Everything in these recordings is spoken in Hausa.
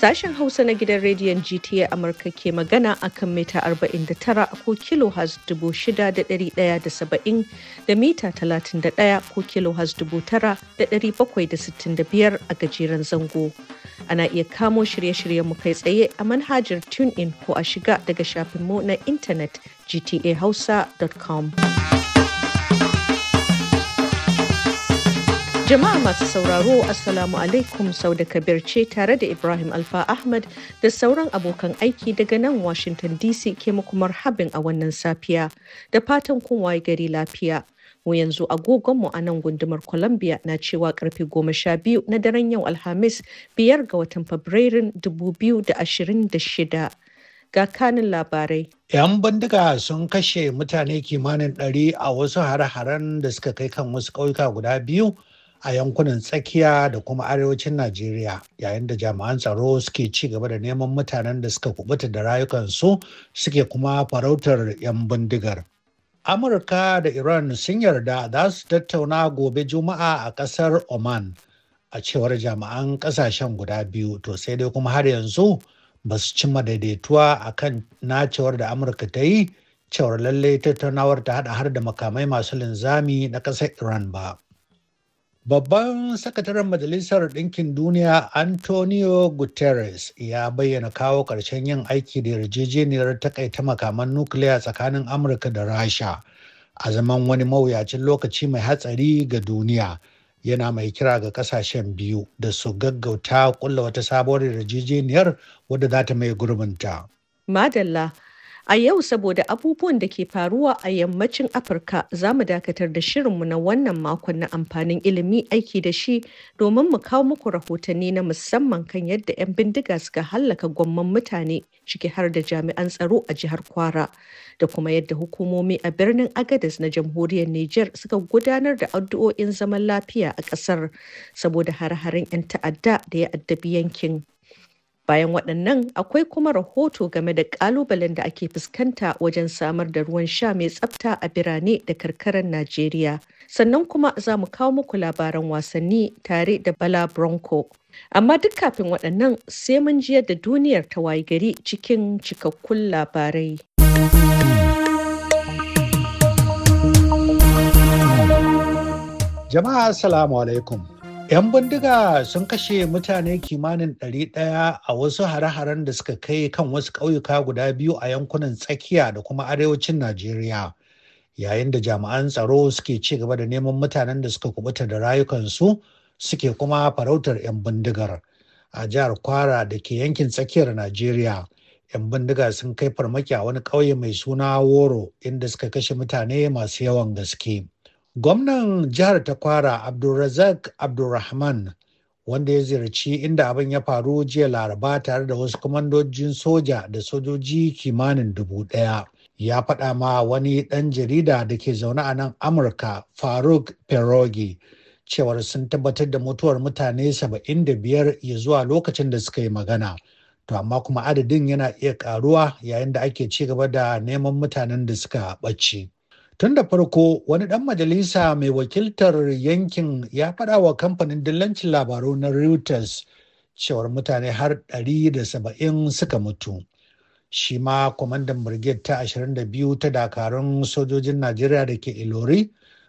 Sashen Hausa na gidan rediyon GTA Amurka ke magana a kan mita 49 ko kilohaz 6,170 da mita 31 ko dubu tara da kilohaz biyar a gajeren zango. Ana iya kamo shirye-shiryen mu kai tsaye a manhajar TuneIn ko a shiga daga shafinmu na intanet gtahausa.com. Jama'a masu sauraro Assalamu alaikum sau da kabir ce tare da Ibrahim Alfa Ahmad da sauran abokan aiki daga nan Washington DC ke muku marhabin a wannan safiya da fatan kun gari lafiya. Mu yanzu agogonmu a nan gundumar Columbia na cewa karfe goma sha biyu na daren yau Alhamis biyar ga watan Fabrairun shida Ga kanin labarai. 'Yan bindiga sun kashe mutane kimanin ɗari a wasu hare-haren da suka kai kan wasu ƙauyuka guda biyu a yankunan tsakiya da kuma arewacin Najeriya yayin da jami'an tsaro suke ci gaba da neman mutanen da suka kubuta da rayukansu suke kuma farautar 'yan bindigar. Amurka da Iran sun yarda za su tattauna gobe Juma'a a ƙasar Oman a cewar jami'an ƙasashen guda biyu to sai dai kuma har yanzu ba su ci daidaituwa a kan nacewar da Amurka ta yi cewar lallai tattaunawar ta hada har da makamai masu linzami na ƙasar Iran ba. Babban sakataren Majalisar Ɗinkin Duniya Antonio Guterres ya bayyana kawo ƙarshen yin aiki da yarjejeniyar takaita makaman nukiliya tsakanin Amurka da Rasha a zaman wani mawuyacin lokaci mai hatsari ga duniya. Yana mai kira ga ƙasashen biyu da su gaggauta kulla wata sabuwar yarjejeniyar wadda za ta mai gurbinta. Madalla A yau saboda abubuwan da ke faruwa a yammacin Afirka za mu dakatar da shirinmu na wannan makon na amfanin ilimi aiki da shi domin mu kawo muku rahotanni na musamman kan yadda 'yan bindiga suka hallaka gwamman mutane ciki har da jami'an tsaro a jihar Kwara da kuma yadda hukumomi a birnin Agadez na jamhuriyar Nijar suka gudanar da addu'o'in zaman lafiya a ƙasar saboda hare-haren 'yan ta'adda da ya addabi yankin. Bayan waɗannan akwai kuma rahoto game da ƙalubalen da ake fuskanta wajen samar da ruwan sha mai tsafta a birane da karkarar Najeriya. Sannan kuma za mu kawo muku labaran wasanni tare da Bala Bronco. Amma duk kafin waɗannan sai mun jiyar da duniyar ta wayi gari cikin cikakkun labarai. Jama'a Assalamu alaikum. 'Yan bindiga sun kashe mutane kimanin ɗari ɗaya a wasu hare-haren da suka kai kan wasu ƙauyuka guda biyu a yankunan tsakiya da kuma arewacin Najeriya. Yayin da jami'an tsaro suke ci gaba da neman mutanen da suka kubuta da rayukansu suke kuma farautar 'yan bindigar. A jihar Kwara da ke yankin tsakiyar Najeriya, 'yan bindiga sun kai farmaki a wani ƙauye mai suna Woro inda suka kashe mutane masu yawan gaske. Gwamnan jihar ta kwara Abdulrazak Abdulrahman wanda ya ziyarci inda abin ya faru jiya laraba tare da wasu kwamandojin soja da sojoji kimanin dubu ɗaya. Ya faɗa ma wani ɗan jarida da ke zaune a nan Amurka Faruk Perogi cewar sun tabbatar da mutuwar mutane 75 ya zuwa lokacin da suka yi magana. To amma kuma adadin yana iya ƙaruwa yayin da ake ci gaba da neman mutanen da suka ɓace. Tun da farko wani ɗan majalisa mai wakiltar yankin ya faɗa wa kamfanin dillancin labaru na Reuters cewar mutane har 170 suka mutu. Shi ma kwamandan Brigade ta 22 ta dakarun sojojin Najeriya da ke Ilori,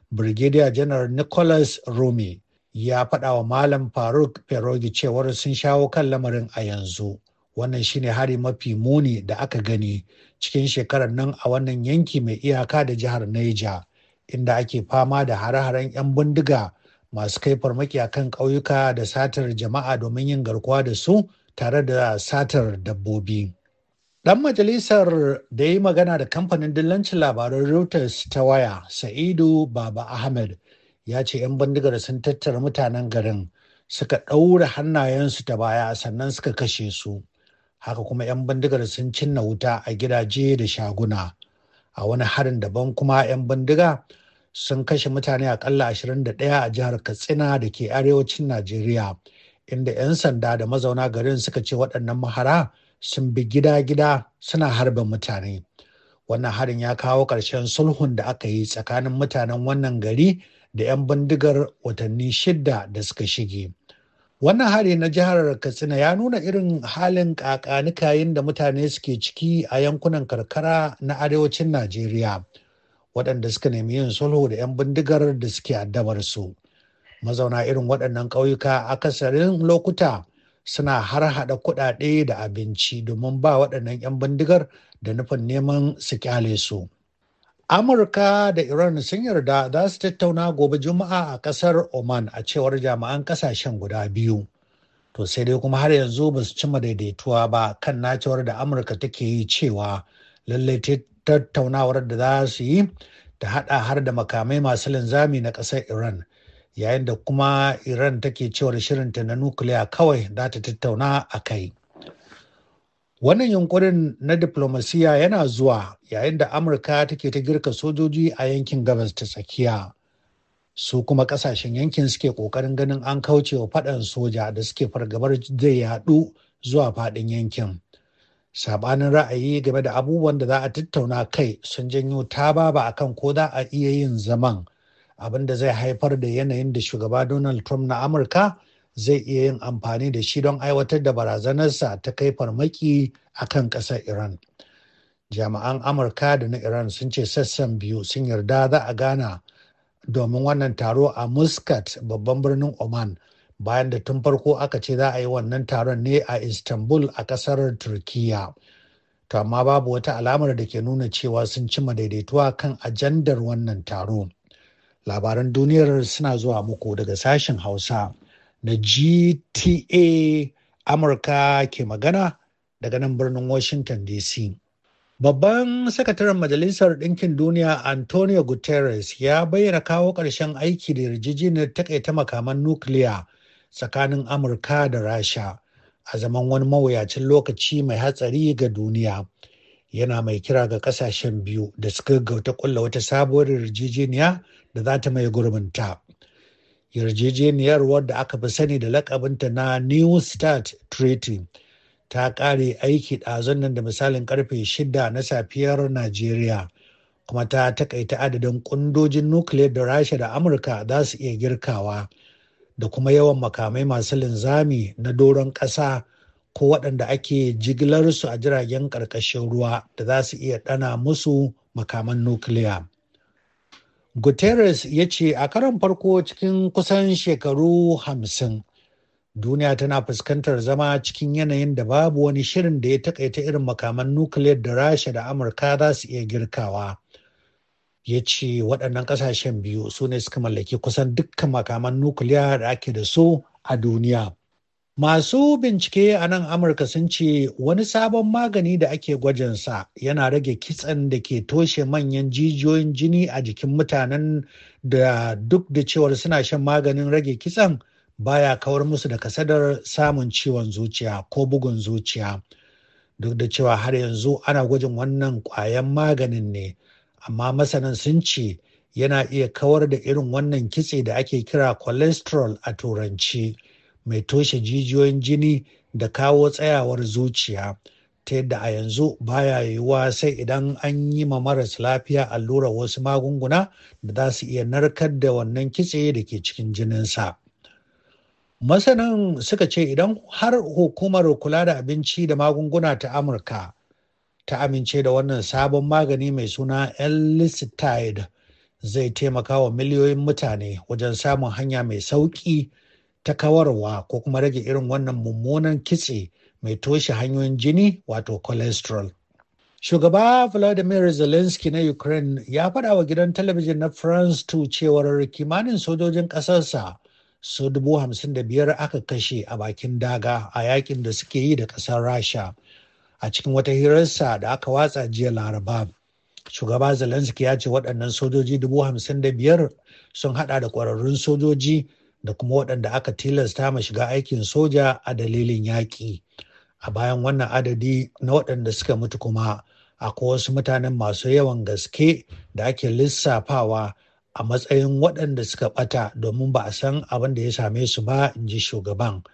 Brigadier General Nicholas Rumi ya faɗa wa Malam Faruk perogi cewar sun shawo kan lamarin a yanzu. Wannan shine hari mafi muni da aka gani cikin shekarar nan a wannan yanki mai iyaka da jihar neja inda ake fama da hare-haren 'yan bindiga masu kai farmaki a kan ƙauyuka da satar jama'a domin yin garkuwa da su tare da satar dabbobi. Ɗan majalisar da ya yi magana da kamfanin dillancin labaran Reuters ta waya, Sa'idu Baba Ahmed, ya ce 'yan bindigar sun tattara mutanen garin suka ɗaura hannayensu ta baya sannan suka kashe su. haka kuma 'yan bindigar sun cinna wuta a gidaje da shaguna a wani harin daban kuma 'yan bindiga sun kashe mutane akalla 21 a jihar katsina da ke arewacin najeriya inda 'yan sanda da mazauna garin suka ce waɗannan mahara sun bi gida-gida suna harbin mutane wannan harin ya kawo ƙarshen sulhun da aka yi tsakanin mutanen wannan gari da 'yan bindigar watanni shidda da suka shige wannan hari na jihar katsina ya nuna irin halin kakanikayin da mutane suke ciki a yankunan karkara na arewacin najeriya waɗanda suka nemi yin sulhu da 'yan bindigar da suke addabar su mazauna irin waɗannan ƙauyuka a akasarin lokuta suna har haɗa kuɗaɗe da abinci domin ba waɗannan 'yan bindigar da nufin neman su kyale su. Amurka da Iran sun yarda za su tattauna gobe Juma'a a ƙasar Oman a cewar jami'an ƙasashen guda biyu. To sai dai kuma har yanzu ba su cimma daidaituwa ba kan nacewar da Amurka take yi cewa lallai tattaunawar da za su yi ta haɗa har da makamai masu linzami na ƙasar Iran. Yayin da kuma Iran take cewar shirinta na nukiliya kawai za ta tattauna a kai. Wannan yunkurin na diplomasiya yana zuwa yayin da Amurka take ta girka sojoji a yankin gabas ta tsakiya. Su kuma kasashen yankin suke ƙoƙarin ganin an kauce wa faɗan soja da suke fargabar zai yaɗu zuwa faɗin yankin. Sabanin ra'ayi game da abubuwan da za a tattauna kai sun janyo tababa ba kan ko za a iya yin zaman abin da zai haifar da yanayin da shugaba Donald Trump na Amurka zai iya yin amfani da shi don aiwatar da barazanarsa ta kai farmaki a kan ƙasar Iran. Jami'an Amurka da na Iran sun ce sassan biyu sun yarda za a gana domin wannan taro a Muscat babban birnin Oman bayan da tun farko aka ce za a yi wannan taron ne a Istanbul a ƙasar Turkiyya. To amma babu wata alamar da ke nuna cewa sun cima daidaituwa kan ajandar wannan taro. Labaran duniyar suna zuwa muku daga sashen Hausa na GTA Amurka ke magana daga nan birnin Washington DC. Babban sakataren Majalisar Ɗinkin Duniya Antonio Guterres ya bayyana kawo ƙarshen aiki da yarjejeniyar takaita makaman nukiliya tsakanin Amurka da Rasha a zaman wani mawuyacin lokaci mai hatsari ga duniya. Yana mai kira ga ƙasashen biyu da suka gauta ƙulla wata sabuwar yarjejeniya da za ta mai gurbinta. yarjejeniyar wadda aka fi sani da lakabinta na new start treaty ta kare aiki ɗazun nan da misalin karfe shida na safiyar najeriya kuma ta takaita adadin kundojin nuclear da rasha da amurka za su iya girkawa da kuma yawan makamai masu linzami na doron ƙasa ko waɗanda ake jigilarsu a jiragen ƙarƙashin ruwa da za su iya ɗana musu makaman nukiliya. Guterres ya ce a karon farko cikin kusan shekaru hamsin duniya tana fuskantar zama cikin yanayin da babu wani shirin da ya takaita irin makaman nukiliyar da rasha da amurka za su iya girkawa ya ce waɗannan ƙasashen biyu su ne suka mallaki kusan dukkan makaman nukiliya da ake da su a duniya Masu bincike a nan Amurka sun ce wani sabon magani da ake gwajinsa yana rage kitsen da ke toshe manyan jijiyoyin jini a jikin mutanen da duk da cewar suna shan maganin rage kitsen baya kawar musu da kasadar samun ciwon zuciya ko bugun zuciya. Duk da cewa har yanzu ana gwajin wannan ƙwayan maganin ne, amma masanan sun ce yana iya kawar da irin wannan kitse da ake kira cholesterol a turanci. mai toshe jijiyoyin jini da kawo tsayawar zuciya ta yadda a yanzu baya yiwuwa sai idan an yi ma maras lafiya allura wasu magunguna da za su iya narkar da wannan kitse da ke cikin jininsa. Masanan suka ce idan har hukumar kula da abinci da magunguna ta Amurka ta amince da wannan sabon magani mai suna Elicitide zai taimaka wa miliyoyin mutane wajen samun hanya mai sauƙi ta kawarwa ko kuma rage irin wannan mummunan kitse mai toshe hanyoyin jini wato cholesterol. Shugaba Vladimir Zelensky na Ukraine ya faɗa wa gidan talabijin na France 2 cewar kimanin sojojin ƙasarsa su dubu hamsin da biyar aka kashe a bakin daga a yakin da suke yi da ƙasar Rasha a cikin wata hirarsa da aka watsa jiya Laraba. Shugaba Zelensky ya ce waɗannan sojoji dubu hamsin da biyar sun haɗa da ƙwararrun sojoji da kuma waɗanda aka tilasta ma shiga aikin soja a dalilin yaƙi. A bayan wannan adadi na waɗanda suka mutu kuma akwai wasu mutanen masu yawan gaske da ake lissafawa a matsayin waɗanda suka ɓata domin ba a san abin da ya same su ba in ji shugaban.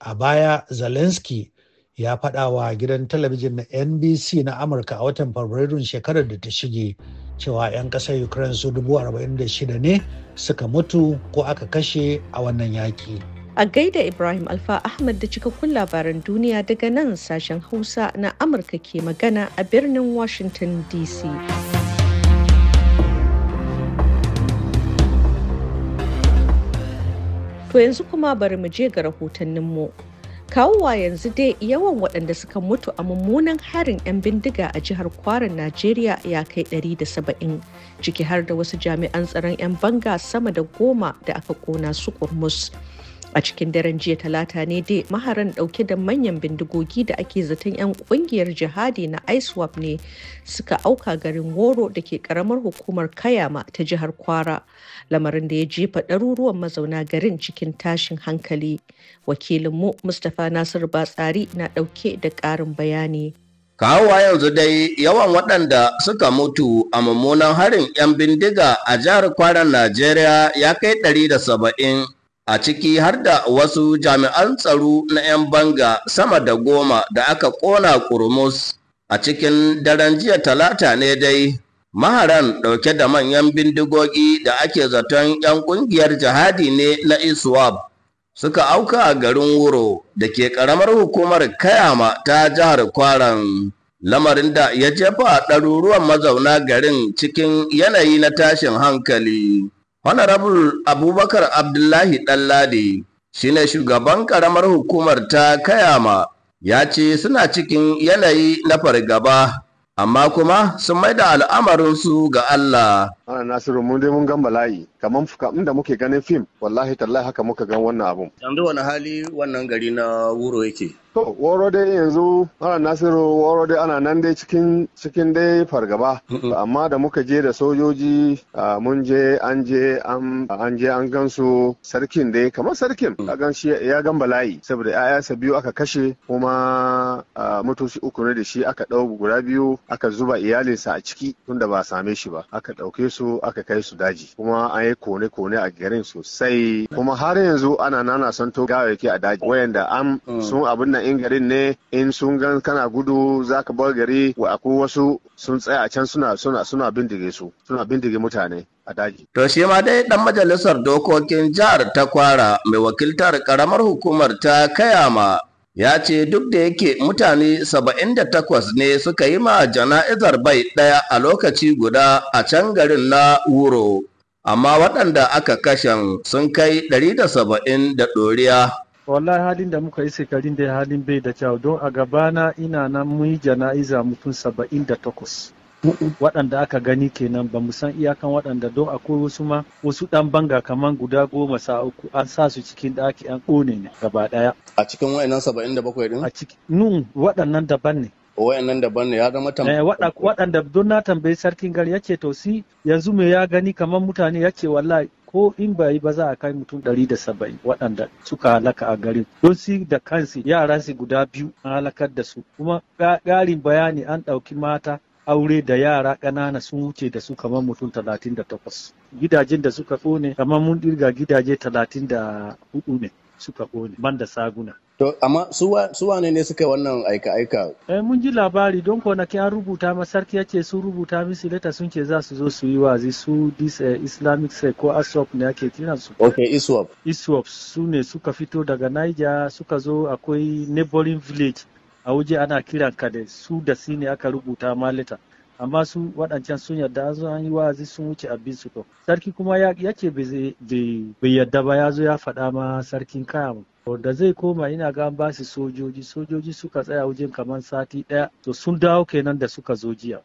A baya Zelensky ya faɗa wa gidan talabijin na NBC na Amurka a watan Fabrairun shekarar da ta shige cewa 'yan kasar ukraine su dubu shida ne suka mutu ko aka kashe a wannan yaki. a gaida ibrahim alfa ahmad da cikakkun labaran duniya daga nan sashen hausa na amurka ke magana a birnin washington dc to yanzu kuma bari mu je ga rahotanninmu kawowa yanzu dai yawan waɗanda suka mutu a mummunan harin 'yan bindiga a jihar kwarin najeriya ya kai 170 ciki har da wasu jami'an tsaron 'yan banga sama da goma da aka kona su kurmus. A cikin daren jiya talata ne dai maharan ɗauke da manyan bindigogi da ake zaton 'yan ƙungiyar jihadi na ISWAP ne suka auka garin Woro da ke ƙaramar hukumar Kayama ta jihar Kwara. Lamarin da ya jefa ɗaruruwan mazauna garin cikin tashin hankali. wakilin mu Mustapha Nasiru Batsari na ɗauke da ƙarin bayani. Kawowa yanzu dai yawan waɗanda suka mutu a mummunan harin 'yan bindiga a jihar Kwara Najeriya ya kai ɗari da saba'in. a ciki har da wasu jami'an tsaro na 'yan banga sama da goma da aka ƙona kurmus a cikin daren jiya talata ne dai maharan ɗauke da manyan bindigogi da ake zaton 'yan ƙungiyar jihadi ne na iswab suka auka a garin wuro da ke ƙaramar hukumar kayama ta jihar kwaran lamarin da ya jefa ɗaruruwan mazauna garin cikin yanayi na tashin hankali. Honorable Abubakar Abdullahi Ɗanladi shi ne shugaban ƙaramar hukumar ta Kayama ya ce suna cikin yanayi na fargaba amma kuma sun maida al'amarinsu ga Allah. Ana Nasiru mun dai mun gan bala'i kamar inda muke ganin fim wallahi tallahi haka muka gan wannan abun yanzu wani hali wannan gari na wuro yake to woro dai yanzu ana nasiru woro dai ana nan dai cikin cikin dai fargaba amma da muka je da sojoji mun je an je an je an gansu sarkin dai kamar sarkin ya mm. gan shi ya gan bala'i saboda ƴaƴansa biyu aka kashe kuma motoci uku ne da shi aka ɗau guda biyu aka zuba iyalinsa a ciki tunda ba a same shi ba aka ɗauke su aka kai su daji kuma an yi kone-kone a garin sosai kuma har yanzu ana nana son to gawayyaki a daji wayanda an mm. sun abin nan in garin ne in sun gan kana gudu zaka bar gari wa aku wasu sun tsaya a can suna suna suna bindige su suna bindige mutane a daji. To shi ma dai dan majalisar dokokin jihar ta kwara mai wakiltar karamar hukumar ta kayama ya ce duk da yake mutane 78 ne suka yi ma jana'izar bai ɗaya a lokaci guda a can garin na wuro amma waɗanda aka kashen sun kai 170 da ɗoriya wallahi halin da muka yi shekarun da halin bai da kyau don a gabana ina nan mun yi jana'iza mutum saba'in da takwas waɗanda aka gani kenan ba mu san iyakan waɗanda don akwai wasu ma wasu ɗan banga kamar guda goma sa uku an sa su cikin ɗaki an ƙone ne gaba ɗaya a cikin wa'annan saba'in da bakwai ɗin a cikin nun waɗannan daban ne wayannan daban ne ya zama tambaya eh, waɗanda don na tambayi sarkin gari yace to si yanzu me ya gani kamar mutane yace wallahi ko in bai ba za a kai mutum ɗari da saba'in waɗanda suka halaka a garin don si da kansi yara su guda biyu an halakar da su kuma ƙarin bayani an ɗauki mata aure da yara ƙanana sun wuce da su kamar mutum talatin da gidajen da suka ƙone kamar mun ɗirga gidaje talatin da hudu ne suka kone. banda saguna To, amma su wane ne suka wannan aika-aika? Eh, mun ji labari don konaki an rubuta ma sarki ya rubuta musu leta sun ce za su zo su yi wazi su dis eh, Islamic sai ko ISWAP ne ake kiran su. Ok, ISWAP. ISWAP su ne suka fito daga Niger suka zo akwai neighboring village a waje ana kiran kade su da su ne aka rubuta ma leta. amma su waɗancan sun yarda an zo an yi wa'azi sun wuce abin su to sarki kuma ya ce bai yarda ba ya zo ya faɗa ma sarkin kama da zai koma ina ga an basu sojoji sojoji suka tsaya wajen kamar sati ɗaya to sun dawo kenan da suka zo jiya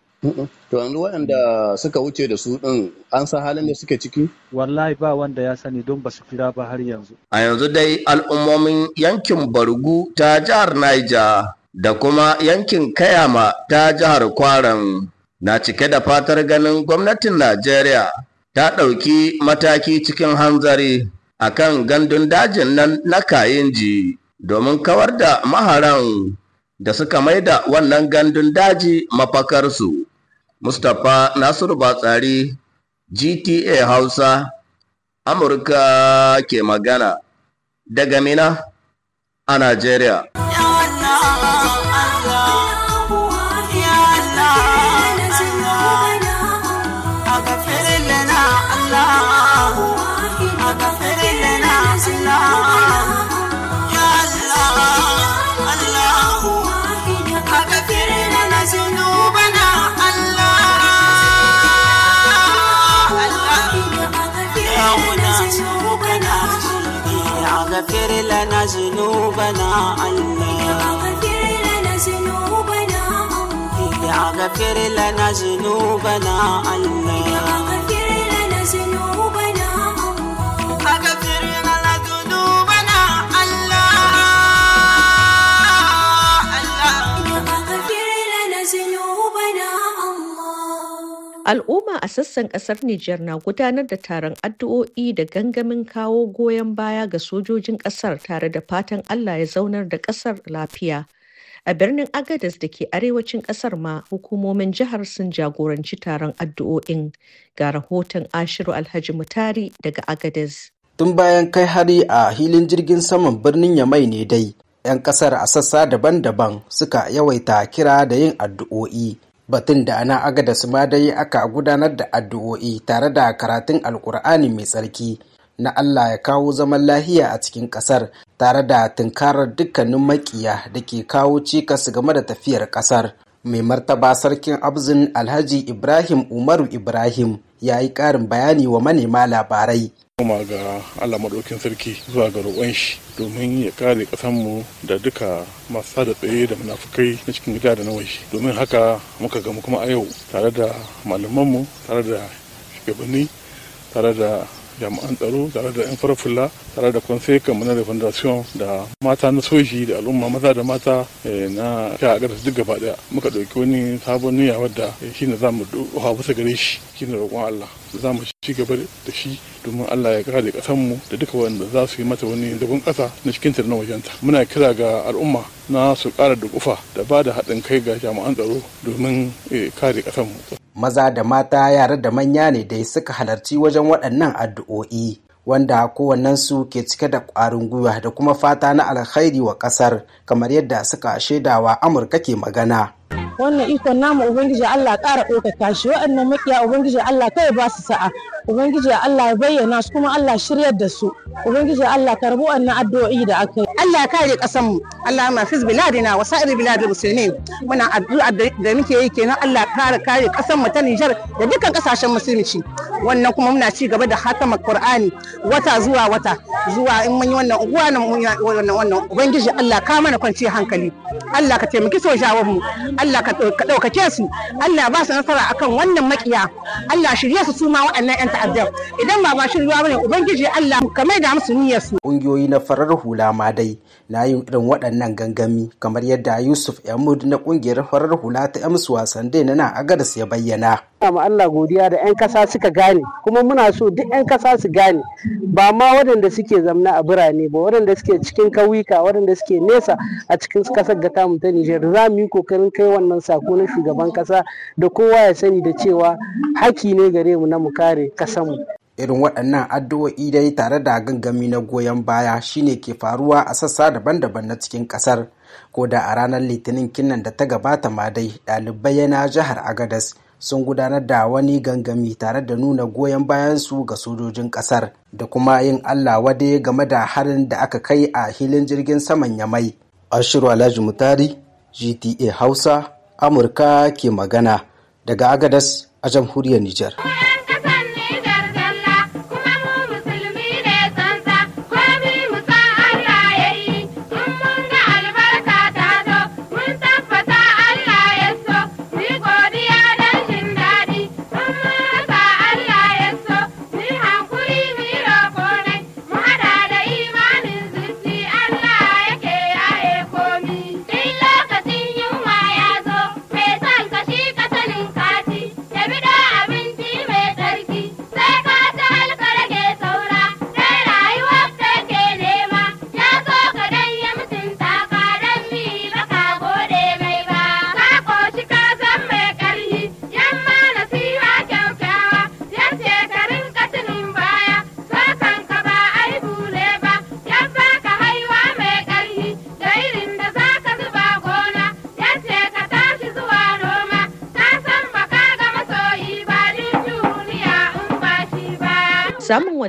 To yanzu waɗanda suka wuce da su ɗin an san halin da suke ciki? Wallahi ba wanda ya sani don ba su kira ba har yanzu. A yanzu dai al'ummomin yankin Bargu ta jihar Niger da kuma yankin Kayama ta jihar Kwaran na cike da fatar ganin gwamnatin Najeriya ta ɗauki mataki cikin hanzari a kan gandun dajin nan na Kayinji domin kawar da maharan da suka maida wannan gandun daji mafakarsu. Mustapha Nasiru Batsari, GTA Hausa, Amurka ke magana daga Mina a Najeriya. ذنوبنا الله يا غفر لنا ذنوبنا الله يا غفر لنا ذنوبنا الله يا غفر لنا ذنوبنا Al'umma a sassan ƙasar Nijar na gudanar da taron addu'o'i da gangamin kawo goyon baya ga sojojin ƙasar tare da fatan Allah ya zaunar da ƙasar lafiya. A birnin Agadez da ke arewacin ƙasar ma hukumomin jihar sun jagoranci taron addu'o'in ga rahoton Ashiru Alhaji Mutari daga Agadez. Tun bayan kai hari a hilin jirgin saman birnin Yamai ne dai, 'yan ƙasar a sassa daban-daban suka yawaita kira da yin addu'o'i batun da ana da ma dai aka gudanar da addu'o'i tare da karatun alkur'ani mai tsarki na Allah ya kawo zaman lahiya a cikin kasar tare da tunkarar dukkanin makiya da ke kawo cikas game da tafiyar kasar mai martaba sarkin abzin alhaji ibrahim umaru ibrahim ya yi ƙarin bayani wa manema labarai kuma ga Allah maɗaukin sarki zuwa ga roƙon shi domin ya kare ƙasanmu da duka masu da tsaye da munafukai na cikin gida da na shi domin haka muka gamu kuma a yau tare da malamanmu tare da shugabanni tare da jami'an tsaro tare da 'yan farfula tare da kwanse kanmu na refondation da mata na soji da al'umma maza da mata eh, na ka a duk gaba daya muka ɗauki wani sabon niyya wadda eh, shi ne za mu bisa gare shi shi ne roƙon Allah za mu ci gaba da shi domin Allah ya kare ƙasanmu da duka wanda za su yi mata wani zagon ƙasa na cikin da na wajenta muna kira ga al'umma na su ƙara da kufa da ba da haɗin kai ga jami'an tsaro domin eh, kare ƙasanmu. Maza da mata yara da manya ne dai suka halarci wajen waɗannan addu'o'i. wanda kowannensu ke cike da ƙwarin gwiwa da kuma fata na alkhairi wa ƙasar kamar yadda suka shaidawa amurka ke magana wannan ikon namu ubangiji Allah ƙara ɗaukaka shi waɗannan makiya ubangiji Allah kai ba su sa'a ubangiji Allah ya bayyana su kuma Allah shiryar da su ubangiji Allah karbu wannan addu'o'i da aka yi Allah ya kare ƙasar mu Allah ma fiz biladina wa sa'ir biladil muslimin muna addu'a da muke yi kenan Allah kare kare ƙasar mu ta Niger da dukkan ƙasashen musulunci wannan kuma muna ci gaba da hatama Qur'ani wata zuwa wata zuwa in mun yi wannan uwa nan wannan wannan ubangiji Allah ka mana kwanci hankali Allah ka taimaki sojawan mu Allah ka ɗaukake su Allah ba su nasara akan wannan makiya Allah shirye su suma waɗannan 'yan ta'addar idan ba ba shirya bane ubangiji Allah kamar da musu niyyar su kungiyoyi na farar hula ma dai na yin irin waɗannan gangami kamar yadda Yusuf Yamud na ƙungiyar farar hula ta Amsu wasan dai na nan Agadas ya bayyana ma Allah godiya da 'yan kasa suka gane kuma muna so duk 'yan kasa su gane ba ma waɗanda suke zamna a birane ba waɗanda suke cikin kauyuka waɗanda suke nesa a cikin kasar ga tamu ta Nijar za mu yi kokarin kai wannan sako na shugaban kasa da kowa ya sani da cewa haki ne gare mu na mu kare kasanmu. irin waɗannan addu'o'i dai tare da gangami na goyon baya shine ke faruwa a sassa daban-daban na cikin kasar ko da a ranar litinin kinnan da ta gabata ma dai ɗalibai yana jihar agadas sun gudanar da wani gangami tare da nuna goyon bayansu ga sojojin kasar da kuma yin allah wade game da harin da aka kai a hilin jirgin saman yamai ashiru alhaji mutari gta hausa amurka ke magana daga agadas a jamhuriyar Yeah.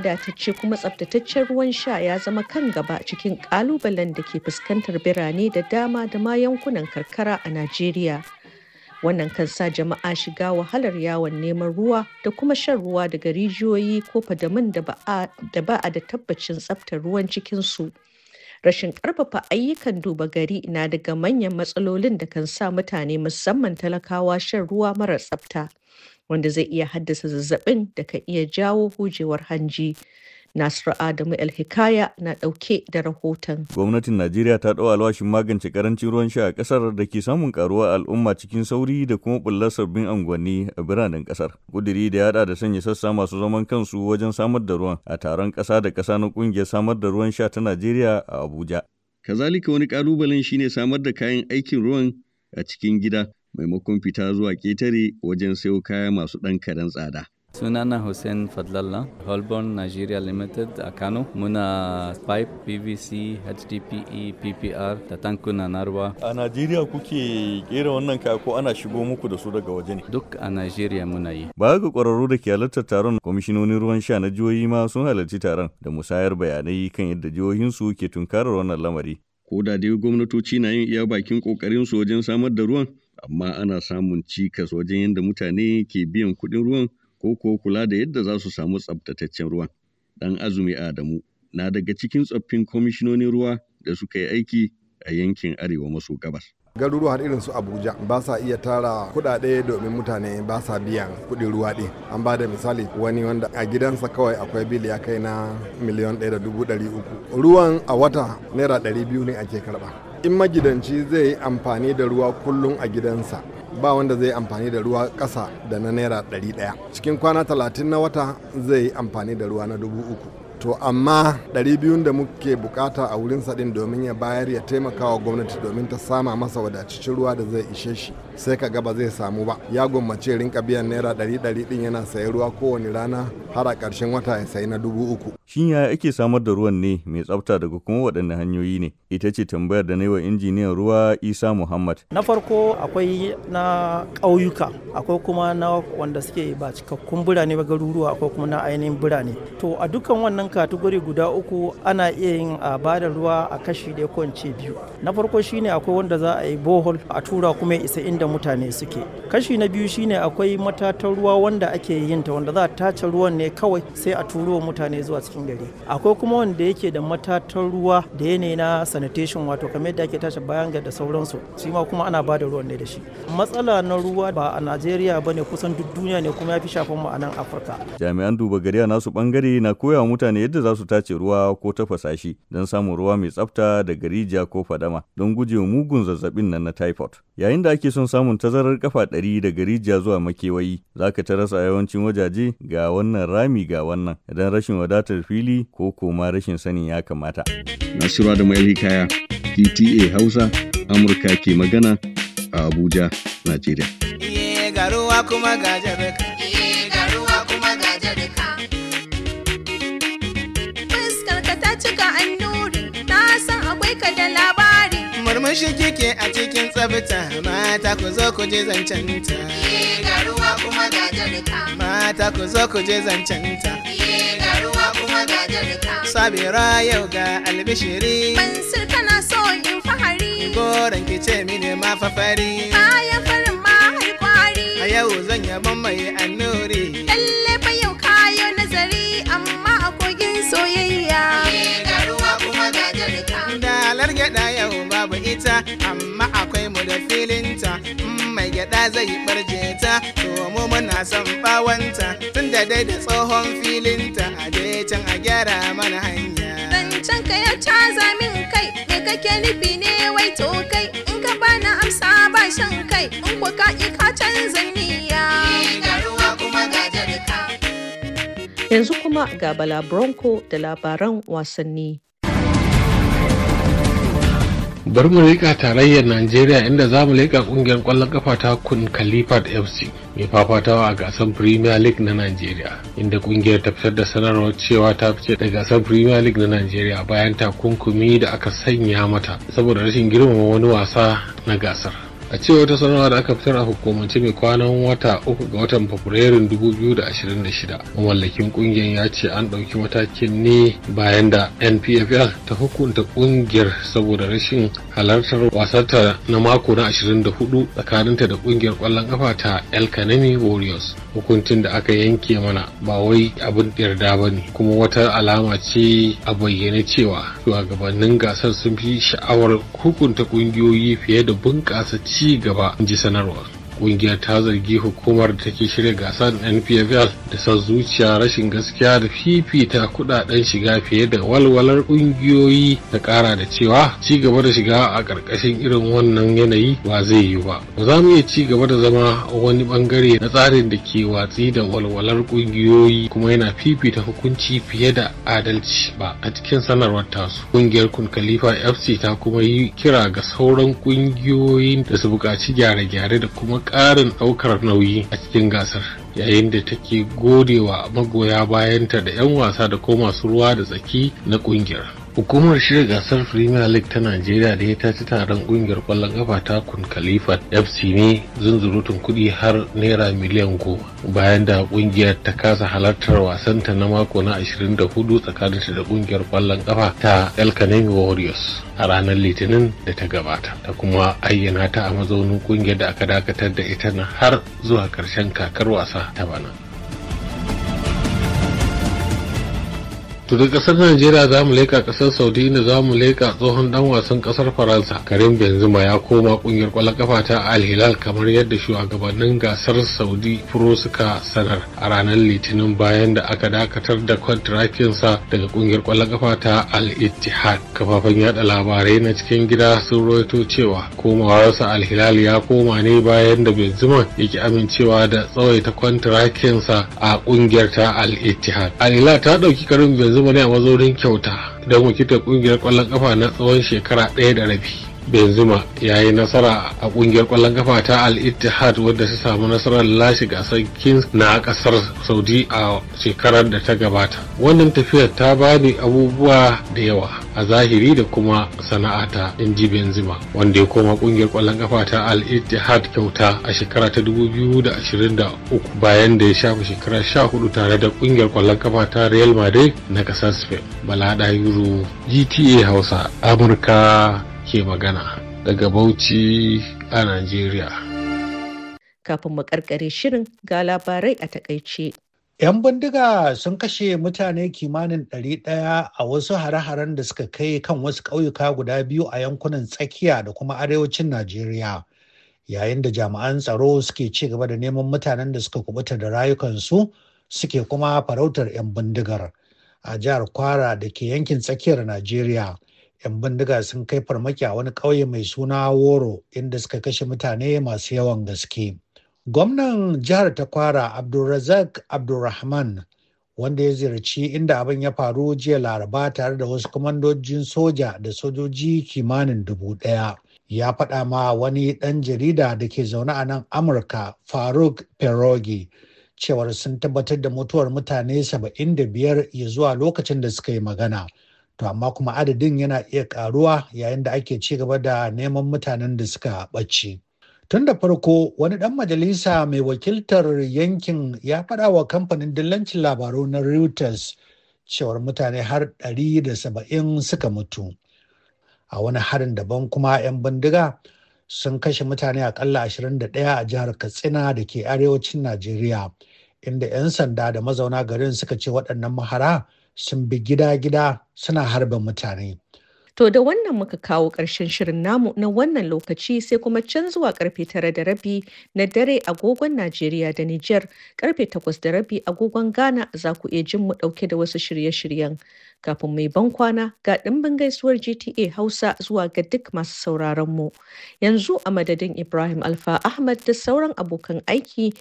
wadatacce kuma tsabtataccen ruwan sha ya zama kan gaba cikin kalubalen da ke fuskantar birane da dama da ma yankunan karkara a Najeriya. Wannan kan sa jama'a shiga wahalar yawon neman ruwa da kuma shan ruwa daga rijiyoyi ko fadamin da ba a da tabbacin tsabtar ruwan cikinsu. Rashin karfafa ayyukan duba gari na daga manyan matsalolin da kan sa mutane musamman talakawa shan ruwa mara tsabta. wanda zai iya haddasa zazzabin da ka iya jawo hujewar hanji. Nasiru Adamu el na ɗauke da rahoton. Gwamnatin Najeriya ta ɗau alwashin magance karancin ruwan sha a ƙasar da ke samun karuwa al'umma cikin sauri da kuma bullar sabbin unguwanni a biranen ƙasar. Ƙudiri da ya da sanya sassa masu zaman kansu wajen samar da ruwan a taron ƙasa da ƙasa na ƙungiyar samar da ruwan sha ta Najeriya a Abuja. Kazalika wani ƙalubalen shine samar da kayan aikin ruwan a cikin gida maimakon fita zuwa ƙetare wajen sayo kaya masu ɗan karen tsada. sunana hussein fadlallah holborn nigeria limited a kano muna pipe pvc hdpe ppr da tankuna narwa a nigeria kuke kera wannan kaya ko ana shigo muku da su daga waje ne duk a nigeria muna yi ba ga kwararru da ke halartar taron kwamishinonin ruwan sha na jihohi ma sun halarci taron da musayar bayanai kan yadda jihohin su ke tunkarar wannan lamari ko da dai gwamnatoci na yin iya bakin kokarin su wajen samar da ruwan amma ana samun cikas wajen yadda mutane ke biyan kuɗin ruwan ko ko kula da yadda za su samu tsabtataccen ruwan. Ɗan azumi Adamu na daga cikin tsoffin kwamishinonin ruwa da suka yi aiki a yankin arewa maso gabas. garuruwa har irin su abuja ba sa iya tara kudade domin mutane ba sa biyan kudin ruwa ɗin an ba da misali wani wanda a gidansa kawai akwai bil ya kai na miliyan ɗaya da dubu ɗari uku ruwan a wata naira ɗari biyu ne ake karɓa in magidanci zai yi amfani da ruwa kullum a gidansa ba wanda zai amfani da ruwa ƙasa da na naira ɗari ɗaya cikin kwana talatin na wata zai yi amfani da ruwa na dubu uku to amma ɗari biyun da muke bukata a wurin saɗin domin ya bayar ya taimakawa gwamnati domin ta sama masa wadataccen ruwa da zai ishe shi sai ka gaba zai samu ba ya gwammace rinka biyan naira ɗari ɗari ɗin yana sayi ruwa kowane rana har a ƙarshen wata ya sayi na dubu uku. shin ya ake samar da ruwan ne mai tsafta daga kuma waɗanne hanyoyi ne ita ce tambayar da na yi wa injiniyan ruwa isa muhammad. na farko akwai na ƙauyuka akwai kuma na wanda suke ba cikakkun birane ba garuruwa akwai kuma na ainihin birane to a dukkan wannan katugori guda uku ana iya yin a bada ruwa a kashi ɗaya ko biyu na farko shine akwai wanda za a yi bohol a tura kuma isa inda mutane suke kashi na biyu shine akwai matatan ruwa wanda ake yin ta wanda za a tace ruwan ne kawai sai a turo mutane zuwa cikin gari akwai kuma wanda yake da matatan ruwa da yanayi na sanitation wato kamar yadda ake tace bayan ga da sauransu shi ma kuma ana bada ruwan ne da shi matsala na ruwa ba a Najeriya ba ne kusan duk duniya ne kuma ya fi shafan mu a nan Afirka jami'an duba gari a nasu bangare na koya mutane yadda za su tace ruwa ko tafasa shi don samun ruwa mai tsafta gari rijiya ko fadama don gujewa mugun zazzabin nan na typhoid yayin da ake son samun tazarar kafa ɗari daga rijiya zuwa makewayi za ka ta rasa yawancin wajaje ga wannan rami ga wannan idan rashin wadatar fili ko koma rashin sani ya kamata. Nasiru da mai pta Hausa Amurka ke magana a Abuja, Najeriya. Garuwa kuma gajar mashigi kike a cikin tsabta mata ku zo ku je zancanta garuwa kuma ga mata ku zo ku je zancanta garuwa kuma ga sabira yau ga albishiri bansir kana so in fahari goran ki ce mini ma fafari kayan farin ma har kwari a yau zan yaba mai annuri lalle fa yau kayo nazari amma a kogin soyayya ita amma akwai mu da filinta in mm, mai gyada zai barje ta to mu muna son bawanta tun da dai da tsohon filinta a dai can a gyara mana hanya zancen ka ya caza min kai me kake nufi ne wai to kai in ka bani amsa ba shan kai in ku ka ka canza niyya yanzu kuma ga bala bronco da labaran wasanni bari mu rika tarayyar najeriya inda za mu leƙa ƙungiyar ƙwallon kafa ta kun kalifat fc mai fafatawa a gasar premier league na najeriya inda ƙungiyar ta fitar da sanarwar cewa ta fice da gasar premier league na najeriya bayan takunkumi da aka sanya mata saboda rashin girmama wani wasa na gasar a cewa ta sanarwa da aka fitar a hukumance mai kwanan wata uku ga watan fabrairun 2026 mamallakin kungiyar ya ce an ɗauki matakin ne bayan da npfl ta hukunta kungiyar saboda rashin halartar wasarta na mako na 24 tsakaninta da kungiyar kwallon kafa ta el warriors hukuncin da aka yanke mana ba wai abin yarda ba ne kuma wata alama ce a bayyane cewa shugabannin gasar sun fi sha'awar hukunta kungiyoyi fiye da bunƙasa ci ci gaba in ji sanarwa. kungiyar ta zargi hukumar da take shirya gasar npfl da son zuciya rashin gaskiya da fifita kudaden shiga fiye da walwalar kungiyoyi ta kara da cewa ci gaba da shiga a ƙarƙashin irin wannan yanayi ba zai yi ba ba za mu iya ci gaba da zama wani bangare na tsarin da ke watsi da walwalar kungiyoyi kuma yana fifita hukunci fiye da adalci ba a cikin sanarwar tasu kungiyar kun khalifa fc ta kuma yi kira ga sauran kungiyoyin da su buƙaci gyare-gyare da kuma ƙarin ɗaukar nauyi a cikin gasar yayin da take godewa magoya bayanta da 'yan wasa da ko masu ruwa da tsaki na ƙungiyar Hukumar shirya gasar Premier League ta Najeriya da ya tashi taron kungiyar kwallon kafa ta Kun Khalifa FC ne zunzurutun kudi har naira miliyan goma bayan da kungiyar ta kasa halartar wasanta na mako na 24 tsakaninta da kungiyar kwallon kafa ta El Kanemi Warriors a ranar Litinin da ta gabata ta kuma ayyana ta a mazaunin kungiyar da aka dakatar da ita na har zuwa karshen kakar wasa ta bana. da kasar najeriya za mu leka kasar saudi inda za mu leka tsohon dan wasan kasar faransa karim benzema ya koma kungiyar kwallon kafa ta al hilal kamar yadda shugabannin gasar saudi pro suka sanar a ranar litinin bayan da aka dakatar da kwantirakinsa daga kungiyar kwallon kafa ta al ittihad kafafen yada labarai na cikin gida sun rawaito cewa komawarsa al hilal ya koma ne bayan da benzema yake amincewa da tsawaita kwantirakinsa a kungiyar ta al ittihad al hilal ta dauki karim benzema zuma ne a mazaunin kyauta don wakiltar kungiyar kwallon kafa na tsawon shekara ɗaya da rabi benzema ya yi nasara a kungiyar kwallon kafa ta al-ittihad wadda ta samu nasarar lashe gasar kings na kasar saudi a shekarar da ta gabata wannan tafiyar ta ba bani abubuwa da yawa a zahiri da kuma ta in ji benzema wanda ya koma kungiyar kwallon kafa ta al-ittihad kyauta a shekara ta 2023 bayan da ya shafa shekara 14 tare da kungiyar kwallon kafa ta real madrid na kasar spain balada yuro gta hausa amurka ke magana daga Bauchi a Najeriya. Kafin mu karkare shirin ga labarai a takaice. 'Yan bindiga sun kashe mutane kimanin ɗari ɗaya a wasu hare-haren da suka kai kan wasu ƙauyuka guda biyu a yankunan tsakiya da kuma arewacin Najeriya. Yayin da jami'an tsaro suke ci gaba da neman mutanen da suka kubuta da rayukansu suke kuma farautar 'yan bindigar a jihar Kwara da ke yankin tsakiyar Najeriya. 'yan bindiga sun kai farmaki a wani ƙauye mai suna woro inda suka kashe mutane masu yawan gaske gwamnan jihar ta kwara abdulrazak abdulrahman wanda ya ziyarci inda abin ya faru jiya laraba tare da wasu kwamandojin soja da sojoji kimanin dubu ɗaya ya faɗa ma wani ɗan jarida da ke zaune a nan amurka faruk perogi cewar sun tabbatar da mutuwar mutane 75 ya zuwa lokacin da suka yi magana to amma kuma adadin yana iya karuwa yayin da ake ci gaba da neman mutanen da suka ɓace. Tun da farko wani ɗan majalisa mai wakiltar yankin ya faɗa wa kamfanin dillancin labaru na Reuters cewar mutane har ɗari da saba'in suka mutu. A wani harin daban kuma 'yan bindiga sun kashe mutane akalla 21 a jihar Katsina da ke arewacin Najeriya, inda 'yan sanda da mazauna garin suka ce waɗannan mahara sun bi gida-gida suna harba mutane. To da wannan muka kawo ƙarshen shirin namu na wannan lokaci sai kuma can zuwa karfe tara da rabi na dare agogon Najeriya da Nijar karfe takwas da rabi agogon Ghana za ku iya jin mu ɗauke da wasu shirye-shiryen. Kafin mai ban kwana ga ɗimbin gaisuwar GTA Hausa zuwa ga duk masu sauraron mu. Yanzu a madadin Ibrahim Alfa Ahmad da sauran abokan aiki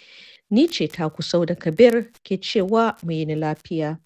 ni ce taku sau da Kabir ke cewa mu yi ni lafiya.